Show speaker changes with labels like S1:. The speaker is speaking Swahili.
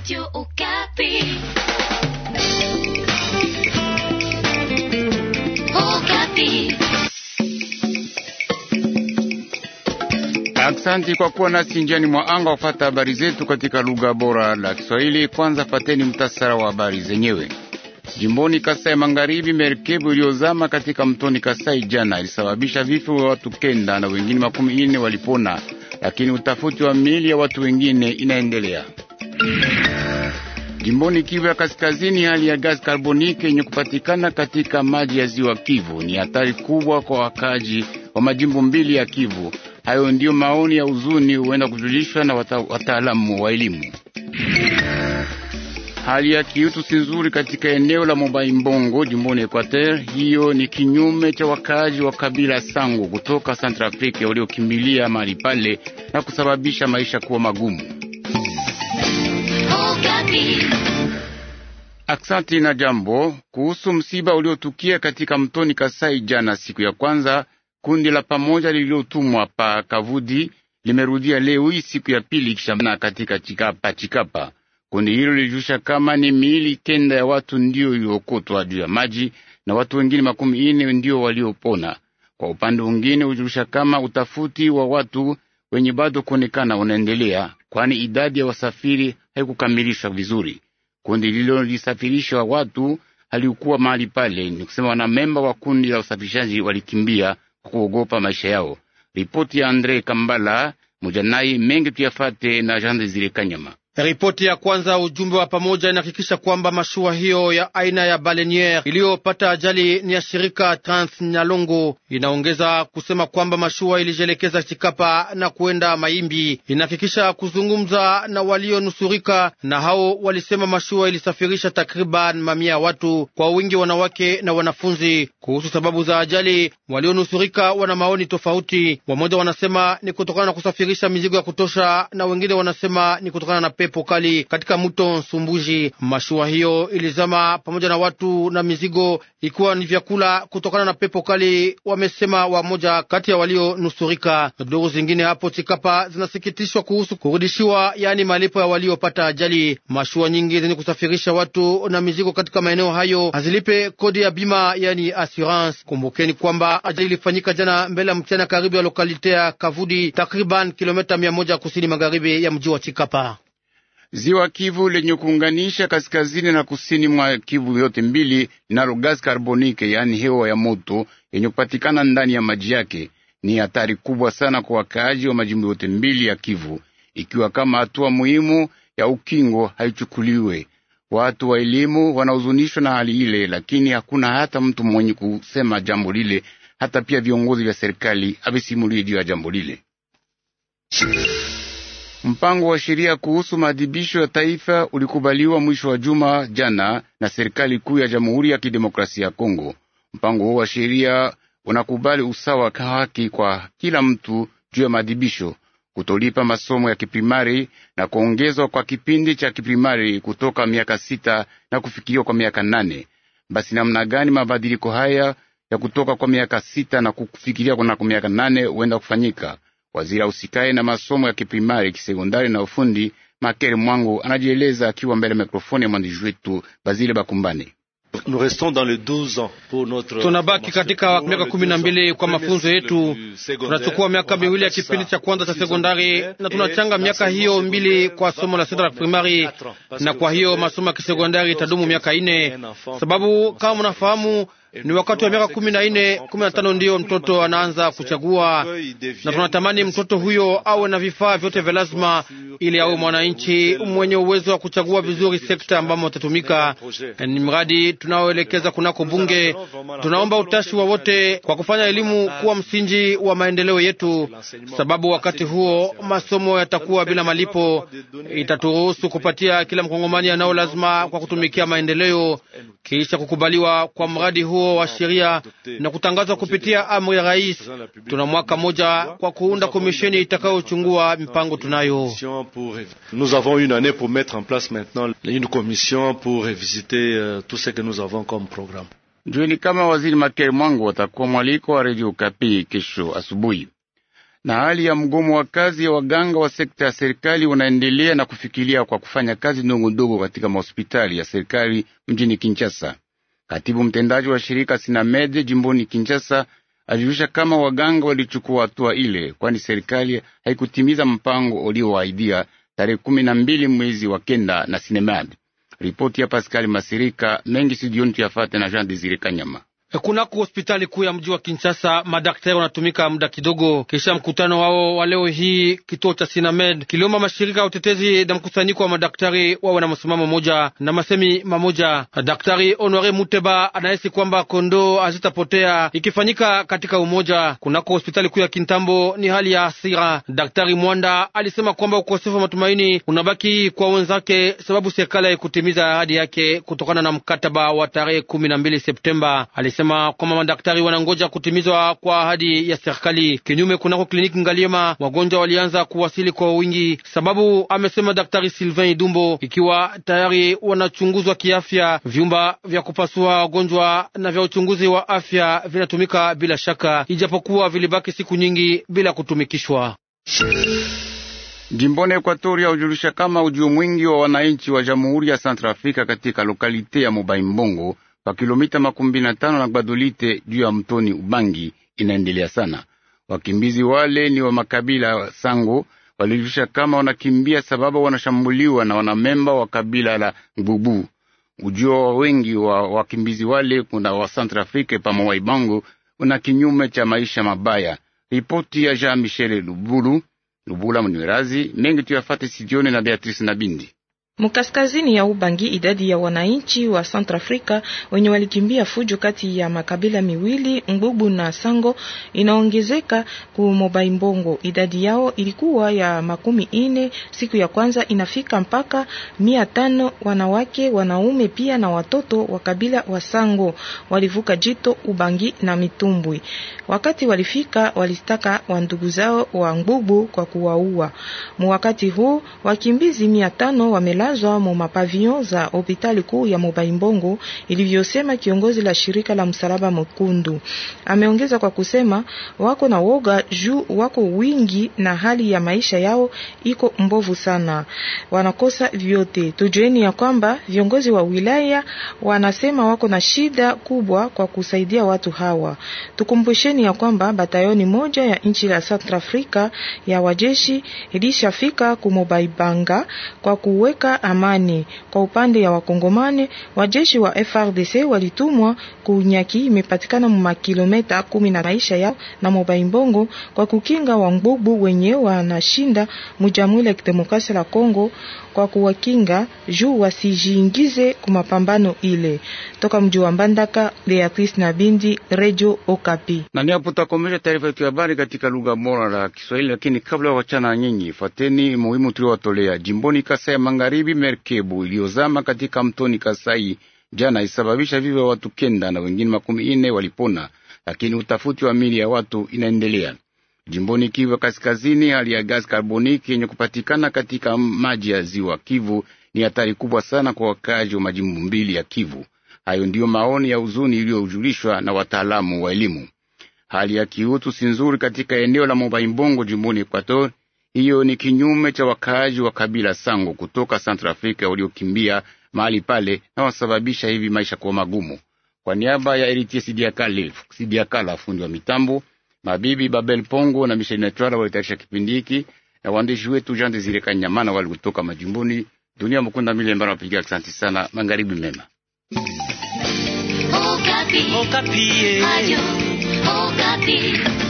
S1: Radio Okapi. Okapi.
S2: Aksanti kwa kuwa nasi njiani mwa anga wafata habari zetu katika lugha bora la Kiswahili. Kwanza pateni mtasara wa habari zenyewe. Jimboni Kasai Magharibi, merikebu iliyozama katika mtoni Kasai jana ilisababisha vifo vya watu kenda na wengine makumi ine walipona, lakini utafuti wa miili ya watu wengine inaendelea. Jimboni Kivu ya Kaskazini, hali ya gasi karbonike yenye kupatikana katika maji ya ziwa Kivu ni hatari kubwa kwa wakaji wa majimbo mbili ya Kivu. Hayo ndiyo maoni ya huzuni huenda kujulishwa na wataalamu wa elimu. Hali ya kiutu si nzuri katika eneo la Mobai Mbongo jimboni Equateur. Hiyo ni kinyume cha wakaji wa kabila Sango kutoka Central africa waliokimbilia mahali pale na kusababisha maisha kuwa magumu. Aksanti na jambo kuhusu msiba uliotukia katika mtoni Kasai jana siku ya kwanza. Kundi la pamoja lililotumwa pa Kavudi limerudia leo hii siku ya pili kisha katika Chikapa Chikapa. Kundi hilo lilijusha kama ni miili kenda ya watu ndio iliyokotwa juu ya maji na watu wengine makumi ine ndio waliopona. Kwa upande mwingine, ujulisha kama utafuti wa watu wenye bado kuonekana unaendelea, kwani idadi ya wasafiri haikukamilisha vizuri. Kundi lilo lisafirishwa watu halikuwa mahali pale, ni kusema wanamemba wa kundi la usafirishaji walikimbia kwa kuogopa maisha yao. Ripoti ya Andre Kambala Mujanai mengi tuyafate na Jean Desire Kanyama.
S3: Ripoti ya kwanza ujumbe wa pamoja inahakikisha kwamba mashua hiyo ya aina ya baleniere iliyopata ajali ni ya shirika Trans Nyalongo. Inaongeza kusema kwamba mashua ilijielekeza Chikapa na kuenda Maimbi. Inahakikisha kuzungumza na walionusurika, na hao walisema mashua ilisafirisha takriban mamia ya watu, kwa wingi wanawake na wanafunzi. Kuhusu sababu za ajali, walionusurika wana maoni tofauti. Wamoja wanasema ni kutokana na kusafirisha mizigo ya kutosha, na wengine wanasema ni kutokana na pepo kali katika mto Nsumbuji. Mashua hiyo ilizama pamoja na watu na mizigo, ikiwa ni vyakula kutokana na pepo kali, wamesema wamoja kati ya walionusurika. Duru zingine hapo Chikapa zinasikitishwa kuhusu kurudishiwa, yaani malipo ya waliopata ajali. Mashua nyingi zenye kusafirisha watu na mizigo katika maeneo hayo hazilipe kodi ya bima, yaani assurance. Kumbukeni kwamba ajali ilifanyika jana mbele ya mchana karibu ya lokalite ya Kavudi, takriban kilomita mia moja kusini magharibi ya mji wa Chikapa.
S2: Ziwa Kivu lenye kuunganisha kaskazini na kusini mwa Kivu yote mbili linalo gasi karbonike, yaani hewa ya moto yenye kupatikana ndani ya maji yake, ni hatari kubwa sana kwa wakaaji wa majimbo yote mbili ya Kivu, ikiwa kama hatua muhimu ya ukingo haichukuliwe. Watu wa elimu wanahuzunishwa na hali ile, lakini hakuna hata mtu mwenye kusema jambo lile, hata pia viongozi vya serikali havisimulie juu ya jambo lile. Mpango wa sheria kuhusu maadhibisho ya taifa ulikubaliwa mwisho wa juma jana na serikali kuu ya Jamhuri ya Kidemokrasia ya Kongo. Mpango huo wa sheria unakubali usawa haki kwa kila mtu juu ya maadhibisho, kutolipa masomo ya kiprimari na kuongezwa kwa kipindi cha kiprimari kutoka miaka sita na kufikiriwa kwa miaka nane. Basi namna gani mabadiliko haya ya kutoka kwa miaka sita na kufikiria kwa miaka nane huenda kufanyika? Waziri usikae na masomo ya kiprimari, kisekondari na ufundi makeri Mwangu anajieleza akiwa mbele ya mikrofoni ya mwandishi wetu Bazile Bakumbani.
S3: Tunabaki katika miaka kumi na mbili kwa mafunzo yetu. Tunachukua miaka miwili ya kipindi cha kwanza cha sekondari na tunachanga miaka hiyo mbili kwa somo la senta la primari, na kwa hiyo masomo ya kisekondari itadumu miaka ine, sababu kama mnafahamu ni wakati wa miaka kumi na nne kumi na tano ndiyo mtoto anaanza kuchagua, na tunatamani mtoto huyo awe na vifaa vyote vya lazima ili awe mwananchi mwenye uwezo wa kuchagua vizuri sekta ambamo atatumika. Ni mradi tunaoelekeza kunako bunge. Tunaomba utashi wa wote kwa kufanya elimu kuwa msingi wa maendeleo yetu, sababu wakati huo masomo yatakuwa bila malipo. Itaturuhusu kupatia kila mkongomani anao lazima kwa kutumikia maendeleo kisha kukubaliwa kwa mradi huo huo wa sheria na kutangazwa kupitia amri ya rais. Tuna mwaka moja kwa kuunda komisheni itakayochungua mipango tunayo. Nous avons une année pour mettre en place maintenant une commission pour revisiter euh, tout ce que nous avons comme programme.
S2: Jueni kama waziri Makeri Mwangu watakuwa mwaliko wa redio Kapi kesho asubuhi. Na hali ya mgomo wa kazi ya waganga wa sekta ya serikali unaendelea na kufikiria kwa kufanya kazi ndogo ndogo katika mahospitali ya serikali mjini Kinshasa. Katibu mtendaji wa shirika sinamed jimboni Kinshasa alijulisha kama waganga walichukua hatua ile, kwani serikali haikutimiza mpango uliowaidia tarehe kumi na mbili mwezi wa kenda na sinemad Ripoti ya Pascal Masirika mengi sijioni tuyafate na Jean Desire Kanyama.
S3: Kunako hospitali kuu ya mji wa Kinshasa, madaktari wanatumika muda kidogo kisha mkutano wao wa leo hii. Kituo cha Sinamed kiliomba mashirika ya utetezi na mkusanyiko wa madaktari wawe na msimamo moja na masemi mamoja. Daktari Honore Muteba anahisi kwamba kondoo hazitapotea ikifanyika katika umoja. Kunako hospitali kuu ya Kintambo ni hali ya hasira. Daktari Mwanda alisema kwamba ukosefu wa matumaini unabaki kwa wenzake, sababu serikali haikutimiza ahadi yake kutokana na mkataba wa tarehe kumi na mbili Septemba anasema kwamba madaktari wanangoja kutimizwa kwa ahadi ya serikali. Kinyume kunako kliniki Ngaliema wagonjwa walianza kuwasili kwa wingi, sababu amesema Daktari Sylvain Idumbo, ikiwa tayari wanachunguzwa kiafya. Vyumba vya kupasua wagonjwa na vya uchunguzi wa afya vinatumika bila shaka, ijapokuwa vilibaki siku nyingi bila kutumikishwa.
S2: Jimboni Ekuatoria hujulisha kama ujio mwingi wa wananchi wa Jamhuri ya Centrafrika katika lokalite ya Mobaimbongo Mbongo kwa kilomita makumi na tano na Gbadolite juu ya mtoni Ubangi inaendelea sana. Wakimbizi wale ni wa makabila Sango walijulisha kama wanakimbia sababu wanashambuliwa na wanamemba wa kabila la Ngbubu. Ujio wa wengi wa wakimbizi wale kuna wa Santrafrike pamo wa Ibango una kinyume cha maisha mabaya. Ripoti ya Jean Michel Lubulu Lubula Mnywerazi mengi tuyafate sijioni na Beatrice Nabindi.
S1: Mkaskazini ya Ubangi idadi ya wananchi wa Centrafrica wenye walikimbia fujo kati ya makabila miwili Ngubu na Sango inaongezeka mbongo Idadi yao ilikuwa ya makumi ine siku ya kwanza inafika mpaka mia tano wanawake, wanaume pia na watoto wa kabila wa Sango walivuka jito Ubangi na Mitumbwi. Wakati walifika walistaka wandugu zao wa Ngubu kwa kuwaua. Mwakati huu wakimbizi mia tano wamela zimelazwa mu mapavion za hospitali kuu ya Mobaimbongo, ilivyosema kiongozi la shirika la Msalaba Mwekundu. Ameongeza kwa kusema wako na woga juu wako wingi na hali ya maisha yao iko mbovu sana, wanakosa vyote. Tujueni ya kwamba viongozi wa wilaya wanasema wako na shida kubwa kwa kusaidia watu hawa. Tukumbusheni ya kwamba batayoni moja ya nchi la South Africa ya wajeshi ilishafika kumobaibanga kwa kuweka kujenga amani. Kwa upande ya Wakongomani, wajeshi wa FRDC walitumwa kunyaki imepatikana mumakilometa kumi na maisha yao na Mobaimbongo kwa kukinga wambubu wenye wanashinda mujamhuri ya kidemokrasia la Kongo kwa kuwakinga juu wasijiingize kumapambano ile. Toka mji wa Mbandaka, Beatrice na Bindi, Radio Okapi.
S2: Na ni hapo tutakomesha taarifa ya habari katika lugha bora la Kiswahili, lakini kabla ya wachana nyinyi, fateni muhimu tuliowatolea jimboni Kasai ya Magharibi magharibi merkebu iliyozama katika mtoni Kasai jana isababisha vivyo watu kenda na wengine makumi ine walipona, lakini utafuti wa mili ya watu inaendelea. Jimboni Kivu Kaskazini, hali ya gasi karboniki yenye kupatikana katika maji ya ziwa Kivu ni hatari kubwa sana kwa wakaaji wa majimbo mbili ya Kivu. Hayo ndiyo maoni ya huzuni iliyojulishwa na wataalamu wa elimu. Hali ya kiutu si nzuri katika eneo la Mobaimbongo jimboni equator hiyo ni kinyume cha wakaaji wa kabila Sango kutoka Santrafrika waliokimbia mahali pale na wasababisha hivi maisha kuwa magumu. Kwa niaba ya Eritie Sidiakala, Sidiakala fundi wa mitambo, mabibi Babel Pongo na Misheli Natwala walitayarisha kipindi hiki na waandishi wetu Jean Desire Kanyamana wali kutoka majimboni. Dunia Mkunda Mile Mbara wapiga asante sana, magharibi mema.
S1: Okapi.
S3: Okapi. Eh. Ayo. Okapi.